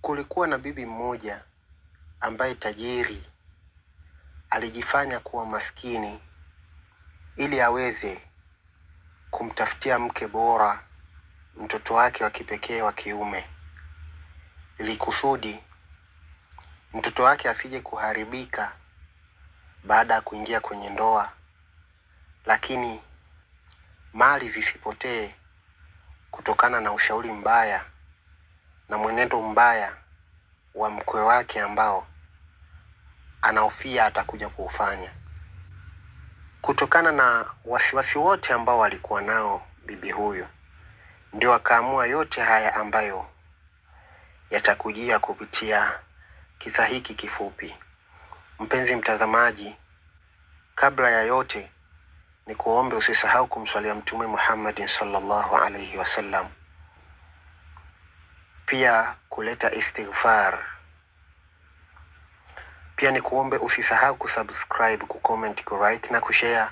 Kulikuwa na bibi mmoja ambaye tajiri alijifanya kuwa maskini ili aweze kumtafutia mke bora mtoto wake wa kipekee wa kiume, ili kusudi mtoto wake asije kuharibika baada ya kuingia kwenye ndoa, lakini mali zisipotee kutokana na ushauri mbaya na mwenendo mbaya wa mkwe wake ambao anahofia atakuja kuufanya. Kutokana na wasiwasi wote ambao walikuwa nao bibi huyu, ndio akaamua yote haya ambayo yatakujia kupitia kisa hiki kifupi. Mpenzi mtazamaji, kabla ya yote ni kuombe usisahau kumswalia Mtume Muhammad sallallahu alaihi wasallam pia kuleta istighfar. Pia ni kuombe usisahau kusubscribe, kucomment, kulike na kushare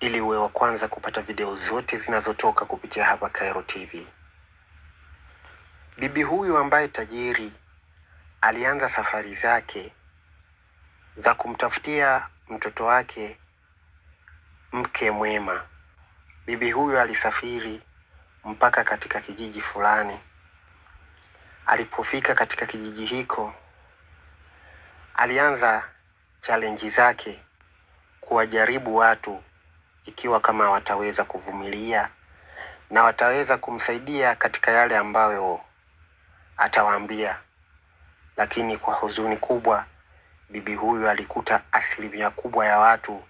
ili uwe wa kwanza kupata video zote zinazotoka kupitia hapa Khairo TV. Bibi huyu ambaye tajiri alianza safari zake za kumtafutia mtoto wake mke mwema. Bibi huyu alisafiri mpaka katika kijiji fulani Alipofika katika kijiji hiko, alianza chalenji zake kuwajaribu watu ikiwa kama wataweza kuvumilia na wataweza kumsaidia katika yale ambayo atawaambia. Lakini kwa huzuni kubwa, bibi huyu alikuta asilimia kubwa ya watu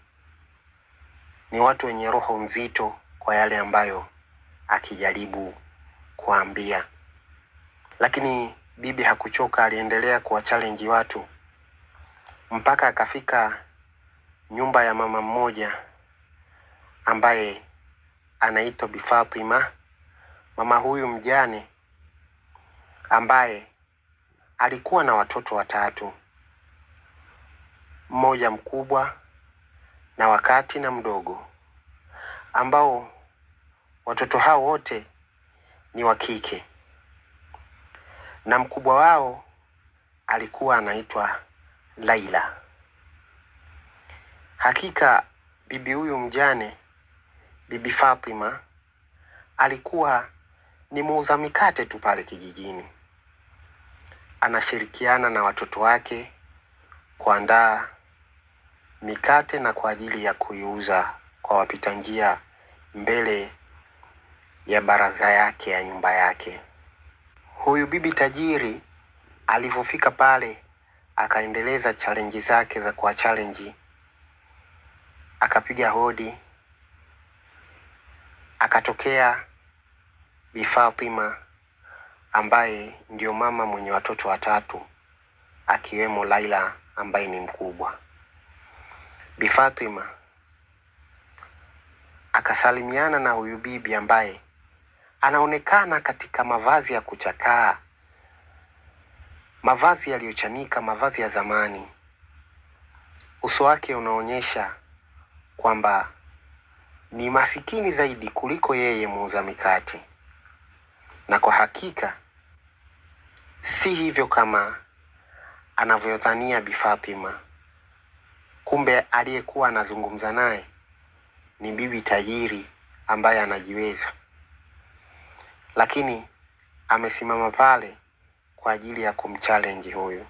ni watu wenye roho nzito kwa yale ambayo akijaribu kuambia lakini bibi hakuchoka, aliendelea kuwachalenji watu mpaka akafika nyumba ya mama mmoja ambaye anaitwa Bi Fatima. Mama huyu mjane ambaye alikuwa na watoto watatu, mmoja mkubwa na wakati na mdogo, ambao watoto hao wote ni wa kike na mkubwa wao alikuwa anaitwa Laila. Hakika bibi huyu mjane, bibi Fatima, alikuwa ni muuza mikate tu pale kijijini, anashirikiana na watoto wake kuandaa mikate na kwa ajili ya kuiuza kwa wapita njia mbele ya baraza yake ya nyumba yake. Huyu bibi tajiri alivyofika pale, akaendeleza chalenji zake za kwa chalenji, akapiga hodi, akatokea Bi Fatima ambaye ndiyo mama mwenye watoto watatu akiwemo Laila ambaye ni mkubwa. Bi Fatima akasalimiana na huyu bibi ambaye Anaonekana katika mavazi ya kuchakaa, mavazi yaliyochanika, mavazi ya zamani. Uso wake unaonyesha kwamba ni masikini zaidi kuliko yeye muuza mikate, na kwa hakika si hivyo kama anavyodhania Bi Fatima. Kumbe aliyekuwa anazungumza naye ni bibi tajiri ambaye anajiweza lakini amesimama pale kwa ajili ya kumchallenge huyu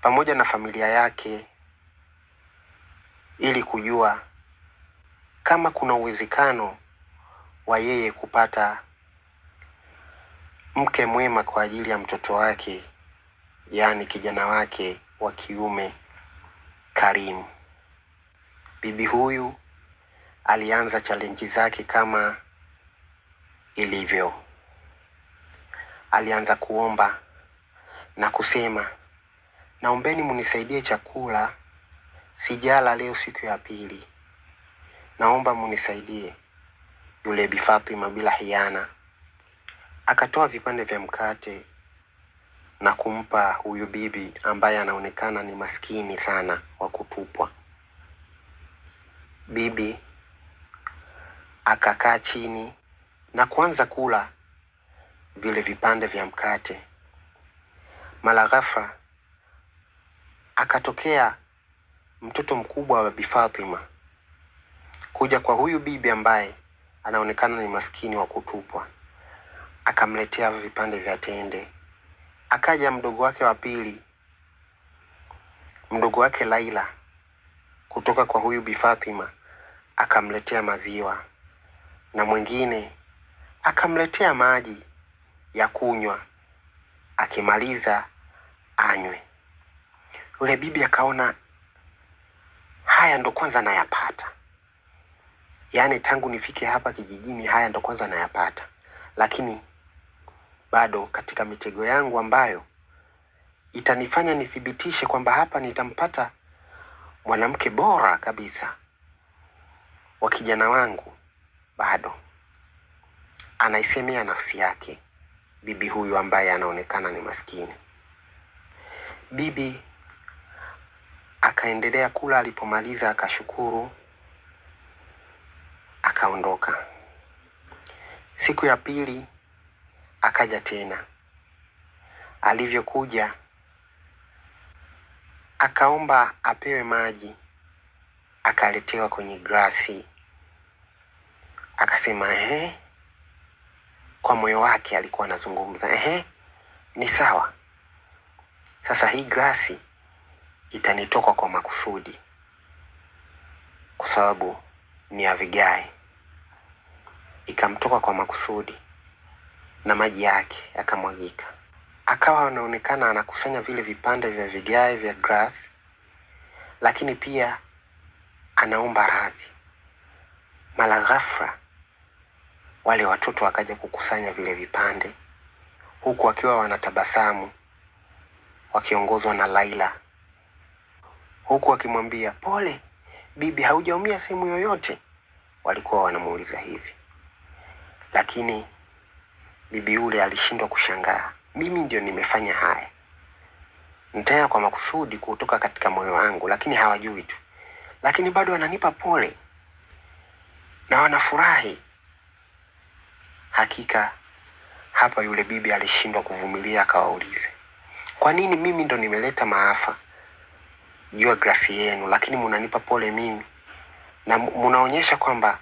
pamoja na familia yake, ili kujua kama kuna uwezekano wa yeye kupata mke mwema kwa ajili ya mtoto wake, yaani kijana wake wa kiume Karimu. Bibi huyu alianza challenge zake kama ilivyo. Alianza kuomba na kusema, naombeni munisaidie chakula, sijala leo siku ya pili, naomba munisaidie. Yule Bi Fatima bila hiana akatoa vipande vya mkate na kumpa huyu bibi ambaye anaonekana ni maskini sana wa kutupwa. Bibi akakaa chini na kuanza kula vile vipande vya mkate. Mara ghafla akatokea mtoto mkubwa wa Bi Fatima kuja kwa huyu bibi ambaye anaonekana ni maskini wa kutupwa, akamletea vipande vya tende. Akaja mdogo wake wa pili, mdogo wake Laila kutoka kwa huyu Bi Fatima, akamletea maziwa na mwingine akamletea maji ya kunywa, akimaliza anywe. Yule bibi akaona haya ndo kwanza nayapata, yaani tangu nifike hapa kijijini haya ndo kwanza nayapata, lakini bado katika mitego yangu ambayo itanifanya nithibitishe kwamba hapa nitampata mwanamke bora kabisa wa kijana wangu bado anaisemea nafsi yake bibi huyu ambaye anaonekana ni maskini. Bibi akaendelea kula, alipomaliza akashukuru, akaondoka. Siku ya pili akaja tena. Alivyokuja akaomba apewe maji, akaletewa kwenye glasi, akasema ehe kwa moyo wake alikuwa anazungumza, ehe, ni sawa. Sasa hii grasi itanitoka kwa makusudi, kwa sababu ni ya vigae. Ikamtoka kwa makusudi na maji yake yakamwagika, akawa anaonekana anakusanya vile vipande vya vigae vya grasi, lakini pia anaomba radhi. Mara ghafla wale watoto wakaja kukusanya vile vipande, huku wakiwa wanatabasamu wakiongozwa na Laila, huku wakimwambia pole bibi, haujaumia sehemu yoyote. Walikuwa wanamuuliza hivi, lakini bibi yule alishindwa kushangaa. Mimi ndio nimefanya haya nitaenda kwa makusudi, kutoka katika moyo wangu, lakini hawajui tu, lakini bado wananipa pole na wanafurahi. Hakika hapa yule bibi alishindwa kuvumilia, akawaulize, kwa nini mimi ndo nimeleta maafa juu ya grasi yenu, lakini munanipa pole mimi na munaonyesha kwamba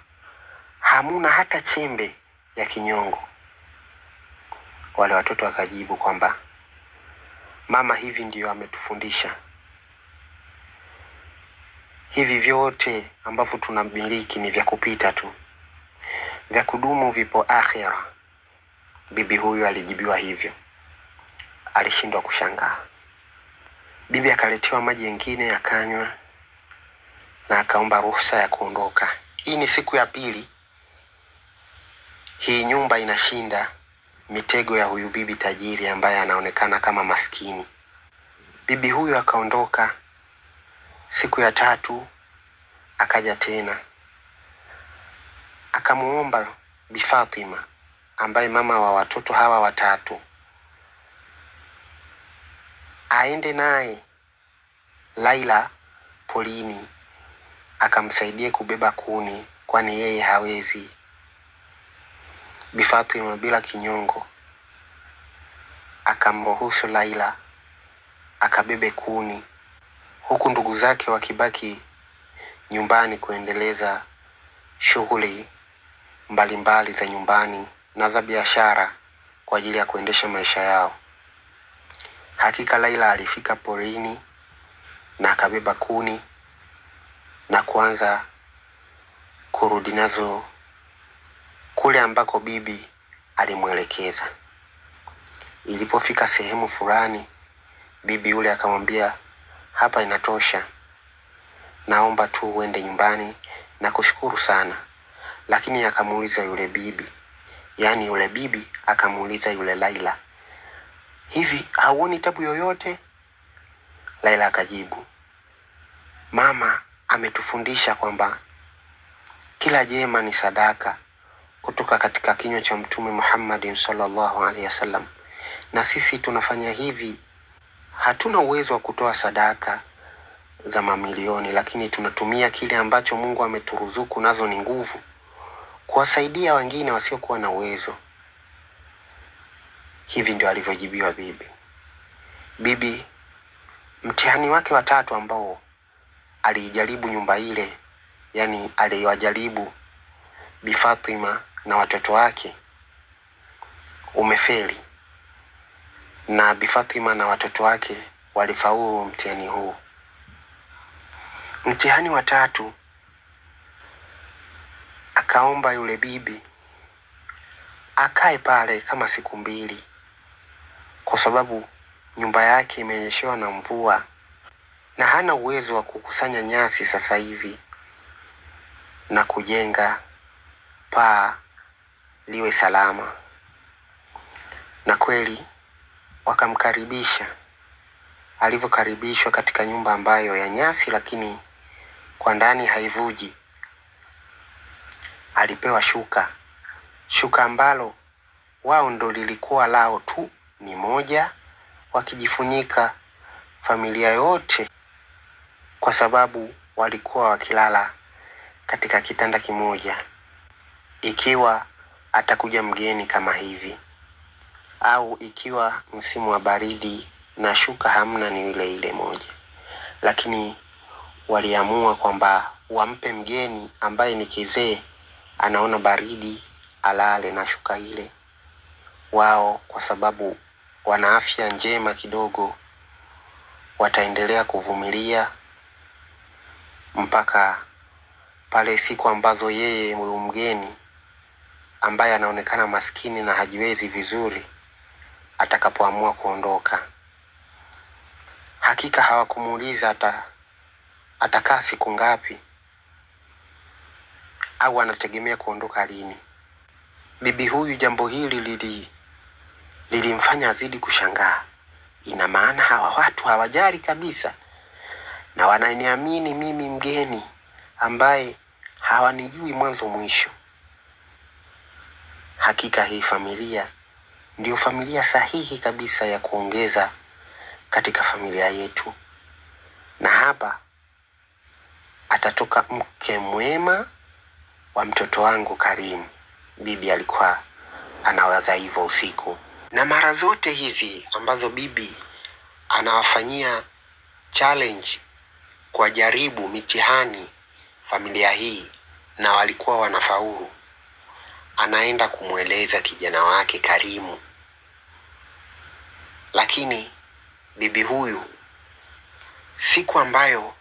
hamuna hata chembe ya kinyongo. Wale watoto wakajibu kwamba mama, hivi ndiyo ametufundisha hivi vyote ambavyo tunamiliki ni vya kupita tu vya kudumu vipo akhira. Bibi huyu alijibiwa hivyo, alishindwa kushangaa. Bibi akaletewa maji yengine akanywa, na akaomba ruhusa ya kuondoka. Hii ni siku ya pili, hii nyumba inashinda mitego ya huyu bibi tajiri ambaye anaonekana kama maskini. Bibi huyu akaondoka. Siku ya tatu akaja tena akamwomba Bi Fatima ambaye mama wa watoto hawa watatu aende naye Laila polini akamsaidia kubeba kuni, kwani yeye hawezi. Bi Fatima bila kinyongo akamruhusu Laila akabebe kuni, huku ndugu zake wakibaki nyumbani kuendeleza shughuli mbalimbali za nyumbani na za biashara kwa ajili ya kuendesha maisha yao. Hakika Laila alifika porini na akabeba kuni na kuanza kurudi nazo kule ambako bibi alimwelekeza. Ilipofika sehemu fulani, bibi yule akamwambia, hapa inatosha, naomba tu uende nyumbani na kushukuru sana lakini akamuuliza yule bibi, yaani yule bibi akamuuliza yule Laila, hivi hauoni tabu yoyote? Laila akajibu, mama ametufundisha kwamba kila jema ni sadaka kutoka katika kinywa cha Mtume Muhammadin sallallahu alaihi wasallam, na sisi tunafanya hivi. Hatuna uwezo wa kutoa sadaka za mamilioni, lakini tunatumia kile ambacho Mungu ameturuzuku nazo ni nguvu kuwasaidia wengine wasiokuwa na uwezo. Hivi ndio alivyojibiwa bibi. Bibi mtihani wake watatu ambao aliijaribu nyumba ile, yani aliwajaribu Bi Fatima na watoto wake umefeli, na Bi Fatima na watoto wake walifaulu mtihani huu. Mtihani wa tatu akaomba yule bibi akae pale kama siku mbili, kwa sababu nyumba yake imenyeshewa na mvua na hana uwezo wa kukusanya nyasi sasa hivi na kujenga paa liwe salama. Na kweli wakamkaribisha. Alivyokaribishwa katika nyumba ambayo ya nyasi, lakini kwa ndani haivuji alipewa shuka, shuka ambalo wao ndo lilikuwa lao tu, ni moja, wakijifunika familia yote, kwa sababu walikuwa wakilala katika kitanda kimoja. Ikiwa atakuja mgeni kama hivi, au ikiwa msimu wa baridi na shuka hamna, ni ile ile moja, lakini waliamua kwamba wampe mgeni ambaye ni kizee anaona baridi alale na shuka ile. Wao kwa sababu wana afya njema kidogo, wataendelea kuvumilia mpaka pale siku ambazo yeye mgeni ambaye anaonekana maskini na hajiwezi vizuri atakapoamua kuondoka. Hakika hawakumuuliza ata atakaa siku ngapi, au anategemea kuondoka lini. Bibi huyu jambo hili lili lilimfanya azidi kushangaa. Ina maana hawa watu hawajali kabisa, na wananiamini mimi mgeni ambaye hawanijui mwanzo mwisho. Hakika hii familia ndiyo familia sahihi kabisa ya kuongeza katika familia yetu, na hapa atatoka mke mwema wa mtoto wangu Karimu. Bibi alikuwa anawaza hivyo usiku, na mara zote hizi ambazo bibi anawafanyia challenge kwa jaribu mitihani familia hii na walikuwa wanafaulu, anaenda kumweleza kijana wake Karimu, lakini bibi huyu siku ambayo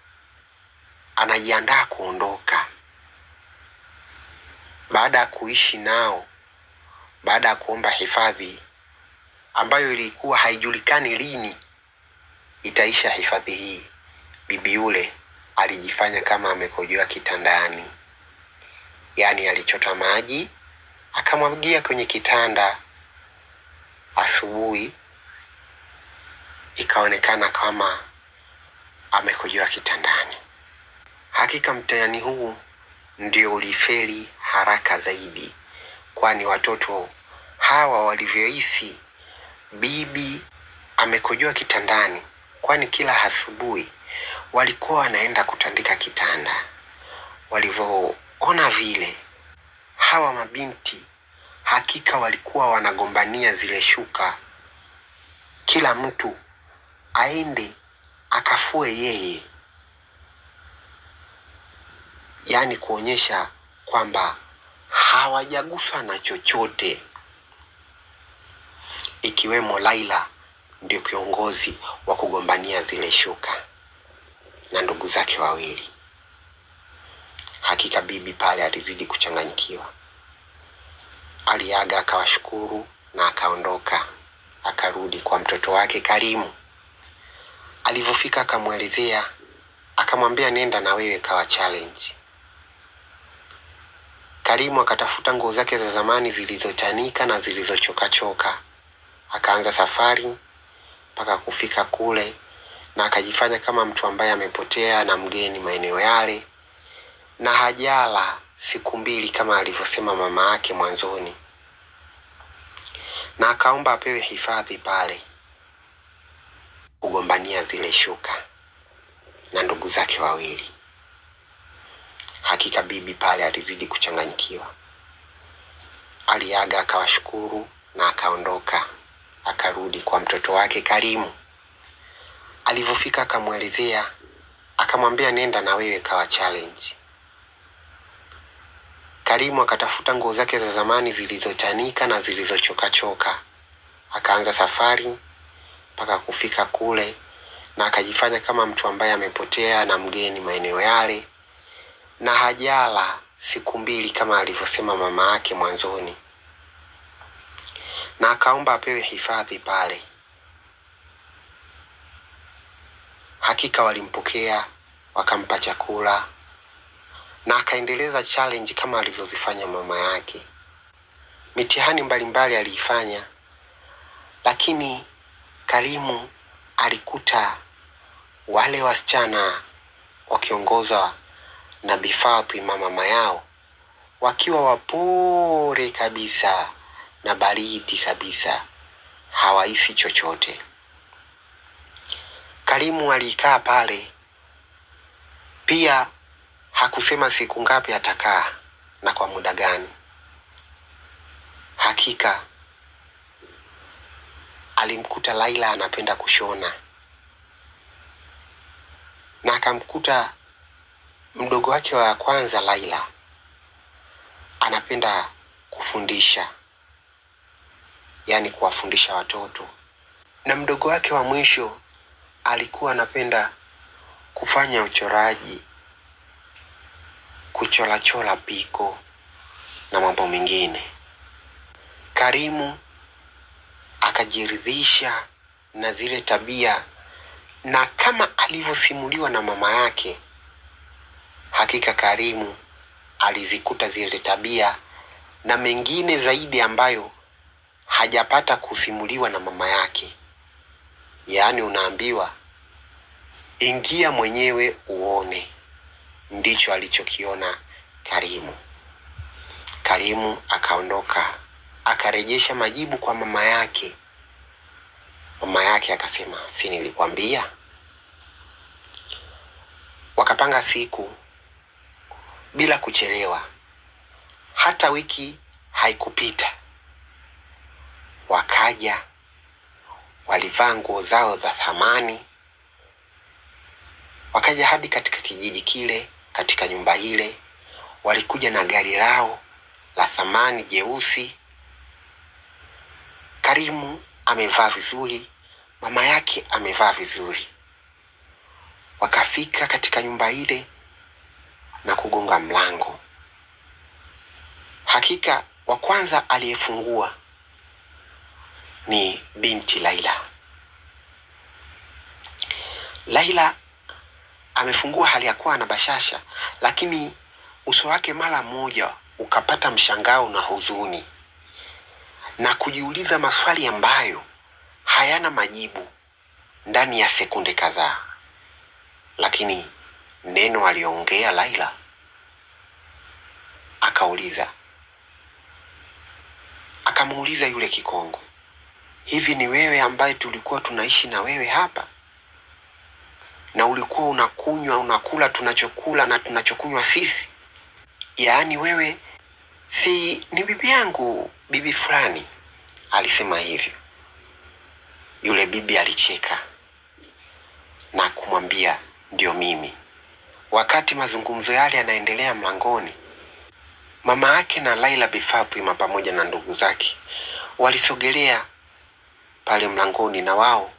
anajiandaa kuondoka baada ya kuishi nao, baada ya kuomba hifadhi ambayo ilikuwa haijulikani lini itaisha hifadhi hii, bibi yule alijifanya kama amekojoa kitandani, yaani alichota maji akamwagia kwenye kitanda. Asubuhi ikaonekana kama amekojoa kitandani. Hakika mtihani huu ndio ulifeli haraka zaidi, kwani watoto hawa walivyohisi bibi amekojoa kitandani, kwani kila asubuhi walikuwa wanaenda kutandika kitanda. Walivyoona vile hawa mabinti hakika walikuwa wanagombania zile shuka, kila mtu aende akafue yeye, yaani kuonyesha kwamba hawajaguswa na chochote, ikiwemo Laila ndio kiongozi wa kugombania zile shuka na ndugu zake wawili. Hakika bibi pale alizidi kuchanganyikiwa, aliaga akawashukuru na akaondoka, akarudi kwa mtoto wake Karimu. Alivyofika akamwelezea, akamwambia nenda na wewe kawa challenge Karimu akatafuta nguo zake za zamani zilizochanika na zilizochokachoka, akaanza safari mpaka kufika kule, na akajifanya kama mtu ambaye amepotea na mgeni maeneo yale, na hajala siku mbili kama alivyosema mama yake mwanzoni, na akaomba apewe hifadhi pale kugombania zile shuka na ndugu zake wawili. Hakika bibi pale alizidi kuchanganyikiwa. Aliaga akawashukuru na akaondoka, akarudi kwa mtoto wake Karimu. Alivyofika akamwelezea, akamwambia nenda na wewe kawa challenge. Karimu akatafuta nguo zake za zamani zilizotanika na zilizochokachoka, akaanza safari mpaka kufika kule, na akajifanya kama mtu ambaye amepotea na mgeni maeneo yale na hajala siku mbili kama alivyosema mama yake mwanzoni, na akaomba apewe hifadhi pale. Hakika walimpokea wakampa chakula na akaendeleza challenge kama alizozifanya mama yake. Mitihani mbalimbali aliifanya, lakini Karimu alikuta wale wasichana wakiongoza na Bi Fatima mama yao, wakiwa wapore kabisa na baridi kabisa, hawahisi chochote. Karimu alikaa pale pia, hakusema siku ngapi atakaa na kwa muda gani. Hakika alimkuta Laila anapenda kushona na akamkuta Mdogo wake wa kwanza Laila anapenda kufundisha, yaani kuwafundisha watoto, na mdogo wake wa mwisho alikuwa anapenda kufanya uchoraji, kucholachola piko na mambo mengine. Karimu akajiridhisha na zile tabia na kama alivyosimuliwa na mama yake Hakika Karimu alizikuta zile tabia na mengine zaidi ambayo hajapata kusimuliwa na mama yake. Yaani, unaambiwa ingia mwenyewe uone. Ndicho alichokiona Karimu. Karimu akaondoka akarejesha majibu kwa mama yake. Mama yake akasema, si nilikwambia? Wakapanga siku bila kuchelewa, hata wiki haikupita. Wakaja, walivaa nguo zao za thamani, wakaja hadi katika kijiji kile, katika nyumba ile. Walikuja na gari lao la thamani jeusi. Karimu amevaa vizuri, mama yake amevaa vizuri. Wakafika katika nyumba ile na kugonga mlango. Hakika wa kwanza aliyefungua ni binti Laila. Laila amefungua hali ya kuwa na bashasha, lakini uso wake mara moja ukapata mshangao na huzuni na kujiuliza maswali ambayo hayana majibu ndani ya sekunde kadhaa, lakini neno aliongea Laila. Akauliza, akamuuliza yule kikongo, hivi ni wewe ambaye tulikuwa tunaishi na wewe hapa na ulikuwa unakunywa unakula tunachokula na tunachokunywa sisi, yaani wewe si ni bibi yangu, bibi fulani? Alisema hivyo. Yule bibi alicheka na kumwambia, ndio mimi. Wakati mazungumzo yale yanaendelea mlangoni, mama yake na Laila Bi pamoja na ndugu zake walisogelea pale mlangoni, na wao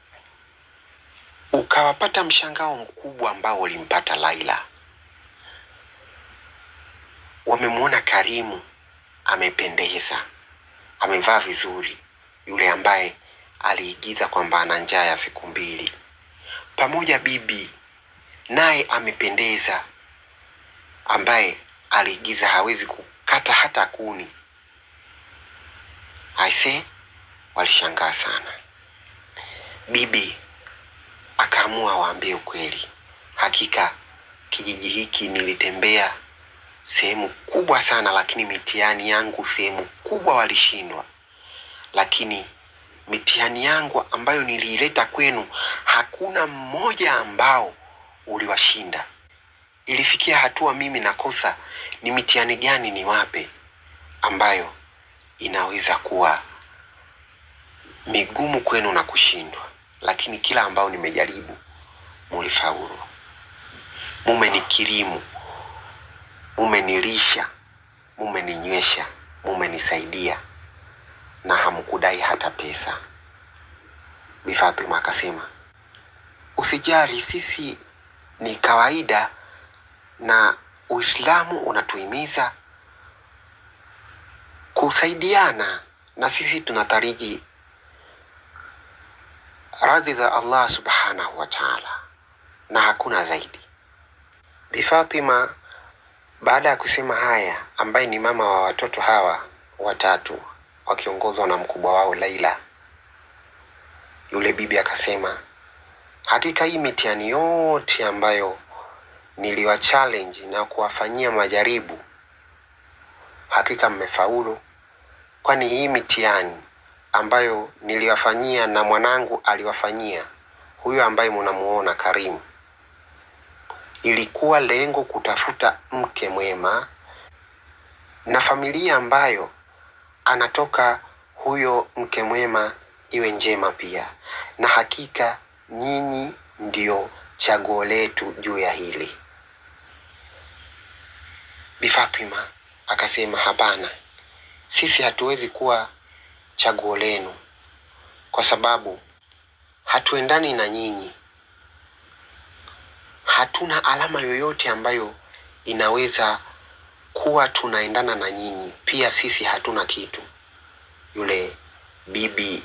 ukawapata mshangao mkubwa ambao ulimpata Laila. Wamemwona Karimu amependeza, amevaa vizuri, yule ambaye aliigiza kwamba ana njaa ya siku mbili, pamoja bibi naye amependeza, ambaye aliigiza hawezi kukata hata kuni. Aise, walishangaa sana. Bibi akaamua waambie ukweli, hakika kijiji hiki nilitembea sehemu kubwa sana, lakini mitihani yangu sehemu kubwa walishindwa, lakini mitihani yangu ambayo niliileta kwenu hakuna mmoja ambao uliwashinda. Ilifikia hatua mimi nakosa ni mitihani gani ni wape ambayo inaweza kuwa migumu kwenu na kushindwa, lakini kila ambao nimejaribu mulifaulu. mume ni nywesha, mumenilisha, mumeninywesha, mumenisaidia na hamkudai hata pesa. Bi Fatima akasema, usijali, sisi ni kawaida na Uislamu unatuhimiza kusaidiana, na sisi tunatariji radhi za Allah subhanahu wa taala, na hakuna zaidi. Bi Fatima baada ya kusema haya, ambaye ni mama wa watoto hawa watatu wakiongozwa na mkubwa wao Laila, yule bibi akasema Hakika hii mitihani yote ambayo niliwa challenge na kuwafanyia majaribu, hakika mmefaulu, kwani hii mitihani ambayo niliwafanyia na mwanangu aliwafanyia huyo ambaye munamuona Karimu, ilikuwa lengo kutafuta mke mwema na familia ambayo anatoka huyo mke mwema iwe njema pia, na hakika nyinyi ndio chaguo letu juu ya hili. Bi Fatima akasema, hapana, sisi hatuwezi kuwa chaguo lenu kwa sababu hatuendani na nyinyi, hatuna alama yoyote ambayo inaweza kuwa tunaendana na nyinyi. Pia sisi hatuna kitu. Yule bibi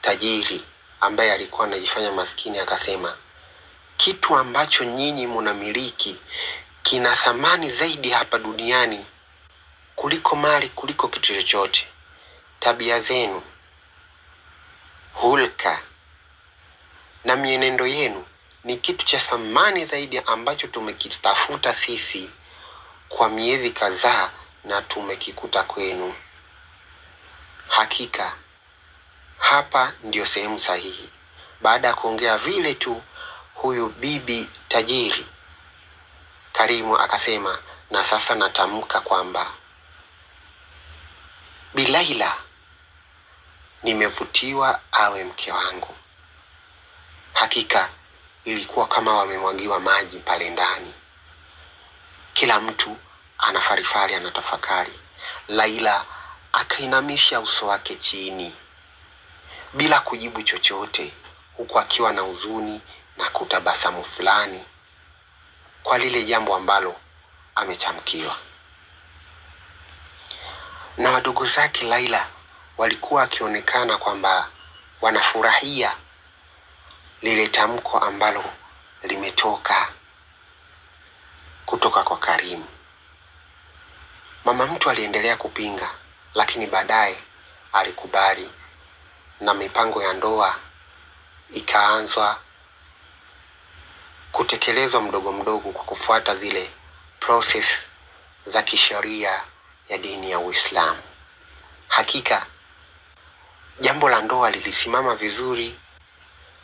tajiri ambaye alikuwa anajifanya maskini akasema, kitu ambacho nyinyi munamiliki kina thamani zaidi hapa duniani kuliko mali, kuliko kitu chochote. Tabia zenu, hulka na mienendo yenu ni kitu cha thamani zaidi ambacho tumekitafuta sisi kwa miezi kadhaa na tumekikuta kwenu. Hakika hapa ndiyo sehemu sahihi. Baada ya kuongea vile tu, huyu bibi tajiri Karimu akasema, na sasa natamka kwamba Bilaila nimevutiwa awe mke wangu. Hakika ilikuwa kama wamemwagiwa maji pale ndani. Kila mtu anafarifari, anatafakari. Laila akainamisha uso wake chini bila kujibu chochote, huku akiwa na huzuni na kutabasamu fulani kwa lile jambo ambalo amechamkiwa. Na wadogo zake Laila walikuwa wakionekana kwamba wanafurahia lile tamko ambalo limetoka kutoka kwa Karimu. Mama mtu aliendelea kupinga, lakini baadaye alikubali na mipango ya ndoa ikaanzwa kutekelezwa mdogo mdogo kwa kufuata zile process za kisheria ya dini ya Uislamu. Hakika jambo la ndoa lilisimama vizuri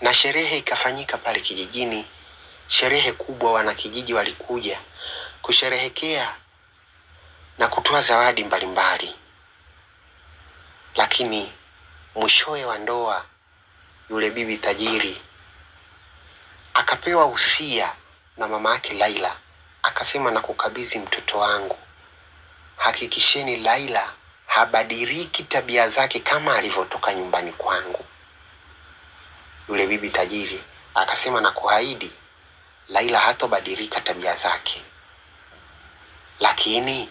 na sherehe ikafanyika pale kijijini, sherehe kubwa. Wanakijiji walikuja kusherehekea na kutoa zawadi mbalimbali, lakini mwishowe wa ndoa yule bibi tajiri akapewa usia na mama yake Laila, akasema na kukabidhi mtoto wangu, hakikisheni Laila habadiriki tabia zake kama alivyotoka nyumbani kwangu. Yule bibi tajiri akasema na kuahidi Laila hatobadilika tabia zake, lakini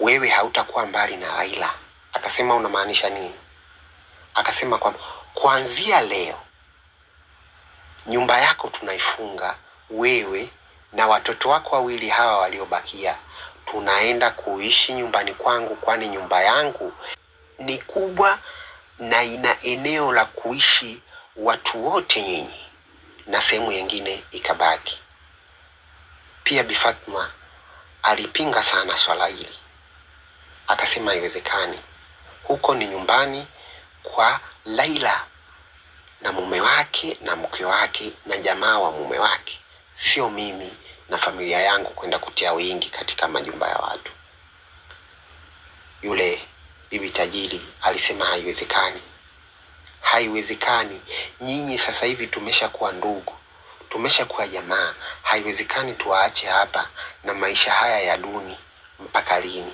wewe hautakuwa mbali na Laila. Akasema unamaanisha nini? akasema kwamba kuanzia leo nyumba yako tunaifunga wewe na watoto wako wawili hawa waliobakia, tunaenda kuishi nyumbani kwangu, kwani nyumba yangu ni kubwa na ina eneo la kuishi watu wote nyinyi, na sehemu nyingine ikabaki. Pia Bi Fatma alipinga sana swala hili, akasema haiwezekani, huko ni nyumbani kwa Laila na mume wake na mke wake na jamaa wa mume wake, sio mimi na familia yangu kwenda kutia wingi katika majumba ya watu. Yule bibi tajiri alisema haiwezekani, haiwezekani. Nyinyi sasa hivi tumeshakuwa ndugu, tumeshakuwa jamaa, haiwezekani tuwaache hapa na maisha haya ya duni. Mpaka lini?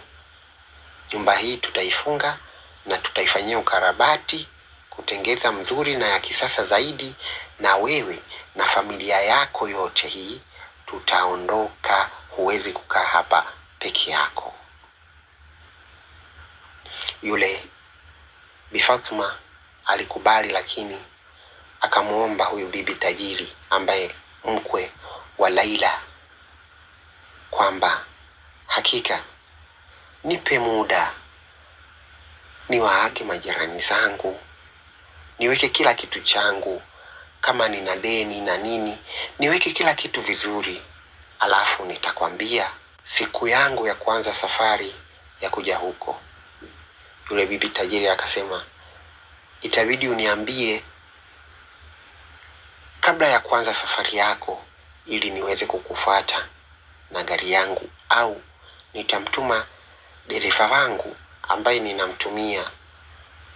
Nyumba hii tutaifunga na tutaifanyia ukarabati kutengeza mzuri na ya kisasa zaidi, na wewe na familia yako yote hii tutaondoka. Huwezi kukaa hapa peke yako. Yule Bi Fatuma alikubali, lakini akamwomba huyu bibi tajiri ambaye mkwe wa Laila kwamba hakika nipe muda niwaake majirani zangu, niweke kila kitu changu, kama nina deni na nini, niweke kila kitu vizuri, alafu nitakwambia siku yangu ya kuanza safari ya kuja huko. Yule bibi tajiri akasema, itabidi uniambie kabla ya kuanza safari yako, ili niweze kukufuata na gari yangu, au nitamtuma dereva wangu ambaye ninamtumia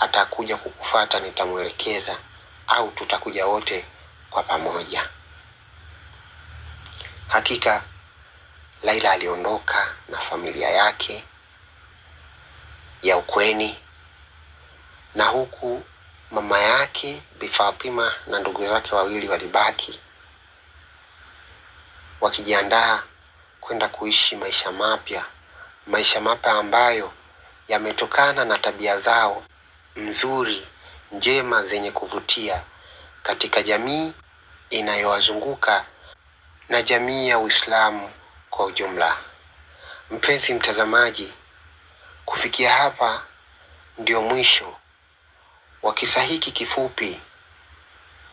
atakuja kukufata, nitamwelekeza au tutakuja wote kwa pamoja. Hakika Laila aliondoka na familia yake ya ukweni, na huku mama yake Bi Fatima na ndugu zake wawili walibaki wakijiandaa kwenda kuishi maisha mapya, maisha mapya ambayo yametokana na tabia zao nzuri, njema, zenye kuvutia katika jamii inayowazunguka na jamii ya Uislamu kwa ujumla. Mpenzi mtazamaji, kufikia hapa ndio mwisho wa kisa hiki kifupi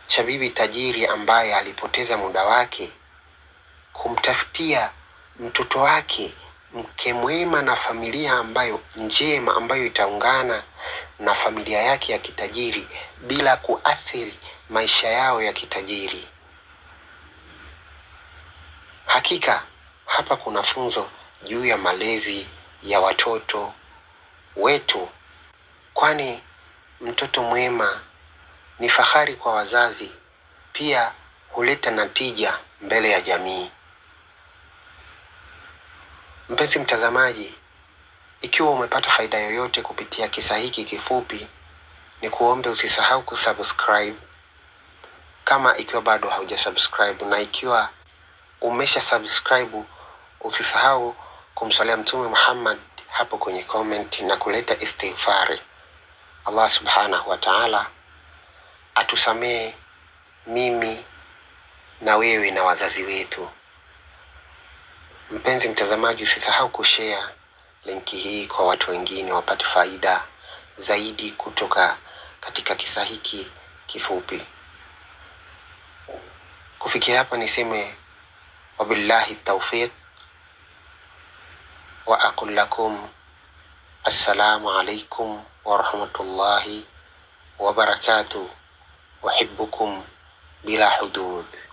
cha bibi tajiri ambaye alipoteza muda wake kumtafutia mtoto wake mke mwema na familia ambayo njema ambayo itaungana na familia yake ya kitajiri bila kuathiri maisha yao ya kitajiri. Hakika hapa kuna funzo juu ya malezi ya watoto wetu, kwani mtoto mwema ni fahari kwa wazazi, pia huleta natija mbele ya jamii. Mpenzi mtazamaji, ikiwa umepata faida yoyote kupitia kisa hiki kifupi, ni kuombe usisahau kusubscribe kama ikiwa bado haujasubscribe, na ikiwa umesha subscribe usisahau kumswalia Mtume Muhammad hapo kwenye comment na kuleta istighfari. Allah subhanahu wa ta'ala atusamee mimi na wewe na wazazi wetu. Mpenzi mtazamaji, usisahau kushare linki hii kwa watu wengine wapate faida zaidi kutoka katika kisa hiki kifupi. Kufikia hapa niseme wabillahi taufiq wa aqul lakum assalamu alaikum warahmatullahi wabarakatuh, uhibbukum bila hudud.